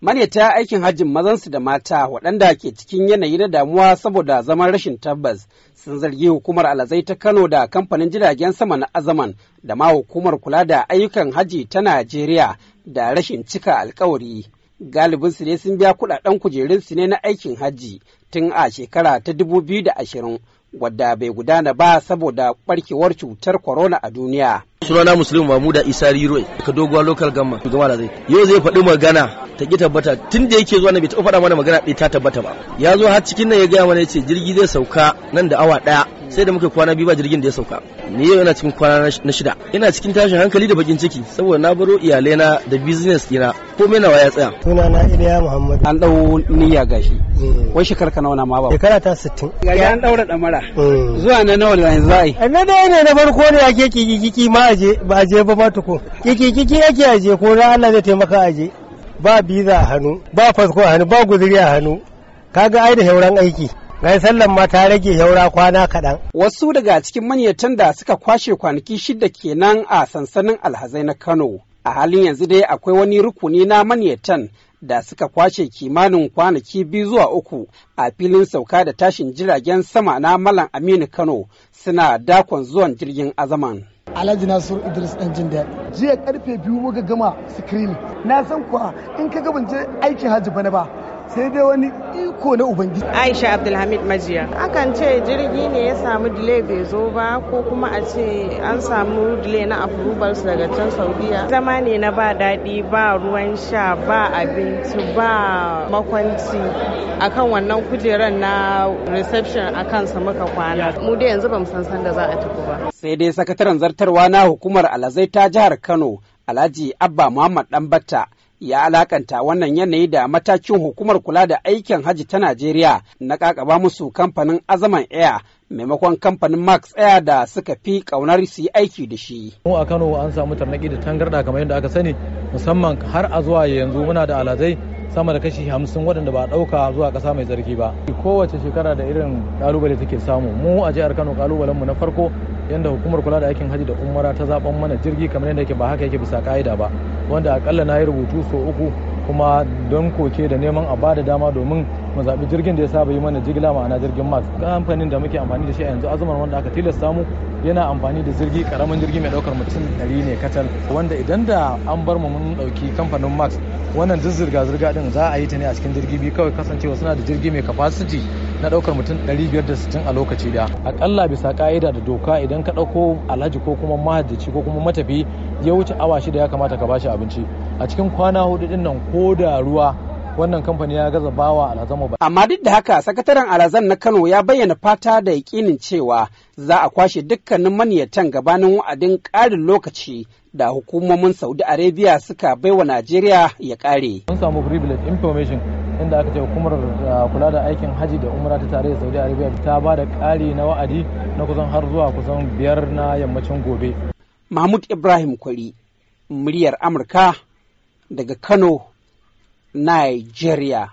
Manyata aikin hajjin mazansu da mata waɗanda ke cikin yanayi na damuwa saboda zaman rashin tabbas sun zargi hukumar alazai ta Kano da kamfanin jiragen sama na Azaman da ma hukumar kula da ayyukan hajji ta Najeriya da rashin cika alkawari. Galibin su ne sun biya kuɗaɗen kujerunsu ne na aikin hajji tun a shekara ta dubu biyu da ashirin wadda bai gudana ba saboda barkewar cutar corona a duniya. sunana muslim mamuda isa riroi daga doguwa local gama da zai yau zai faɗi magana ta ki tabbata tun da yake zuwa na bai taɓa faɗa mana magana ɗaya ta tabbata ba ya zo har cikin nan ya gaya mana ya ce jirgi zai sauka nan da awa ɗaya sai da muka kwana biyu ba jirgin da ya sauka ni yau ina cikin kwana na shida ina cikin tashin hankali da bakin ciki saboda na baro iyalai na da business dina mai nawa ya tsaya tuna na Iliya Muhammad an dau niyya gashi mm. wai shekar ka nawa na ma ba shekara ta 60 gari an daura damara mm. zuwa na nawa yanzu ai a na dai ne na farko ne yake kiki kiki ma aje ba aje ba ba tuko kiki kiki ake aje ko na Allah zai taimaka aje ba biza a hannu ba fasko a hannu ba guduri a hannu kaga ai da hauran aiki gai sallan ma ta rage yaura kwana kaɗan. Wasu daga cikin manyatan da suka kwashe kwanaki shida kenan a sansanin alhazai na Kano. A halin yanzu dai akwai wani rukuni na manyatan da suka kwashe kimanin kwanaki biyu zuwa uku a filin sauka da tashin jiragen sama na Malam Aminu Kano suna dakon zuwan jirgin azaman. Alhaji Nasiru Idris ɗan jin daɗi. Jiya karfe biyu muka gama sikirin, Na san kuwa in ka gabance aikin hajji bana ba sai dai wani iko na ubangiji aisha abdulhamid majiya akan ce jirgi ne ya samu delay bai zo ba ko kuma a ce an samu delay na approvals daga can saudiya zama ne na ba daɗi ba ruwan sha ba abinci ba makwanci akan wannan kujeran na reception a kansa muka kwana mu dai yanzu bamu san san da za a tafi ba sai dai sakataren zartarwa na hukumar alazai ta jihar kano alhaji abba muhammad danbatta ya alakanta wannan yanayi da matakin hukumar kula da aikin haji ta Najeriya na kakaba musu kamfanin Azaman Air maimakon kamfanin Max Air da suka fi kaunar su yi aiki da shi. Mu a Kano an samu tarnaki da tangarda kamar yadda aka sani musamman har a zuwa yanzu muna da alazai sama da kashi hamsin waɗanda ba a ɗauka zuwa ƙasa mai tsarki ba kowace shekara da irin ƙalubale take samu mu a jihar kano ƙalubalenmu mu na farko yadda hukumar kula da aikin hajji da umara ta zaben mana jirgi kamar yadda yake ba haka yake bisa ka'ida ba wanda akalla na yi rubutu so uku kuma don koke da neman a bada dama domin mu zaɓi jirgin da ya saba yi mana jigila ma'ana jirgin max kamfanin da muke amfani da shi a yanzu azumar wanda aka tilasta mu yana amfani da jirgi karamin jirgi mai ɗaukar mutum ɗari ne kacal wanda idan da an bar mu mun ɗauki kamfanin max wannan duk zirga-zirga din za a yi ta ne a cikin jirgi biyu kawai kasancewa suna da jirgi mai capacity na ɗaukar mutum biyar da sittin a lokaci da akalla bisa ka'ida da doka idan ka ɗauko alhaji ko kuma mahajjaci ko kuma matafi ya wuce awa shida ya kamata ka bashi abinci a cikin kwana hudu din nan ko da ruwa wannan kamfani ya gaza bawa alhazan ba. Amma duk da haka sakataren alhazan na Kano ya bayyana fata da yakinin cewa za a kwashe dukkanin maniyatan gabanin wa'adin ƙarin lokaci da hukumomin Saudi Arabia suka bai wa Najeriya ya ƙare. Mun samu privilege information inda aka ce hukumar uh, kula da aikin haji da umra ta tarayyar Saudi Arabia ta ba da ƙari na wa'adi na kusan har zuwa kusan biyar na yammacin gobe. Mahmud Ibrahim Kwari, muryar Amurka daga Kano. Nigeria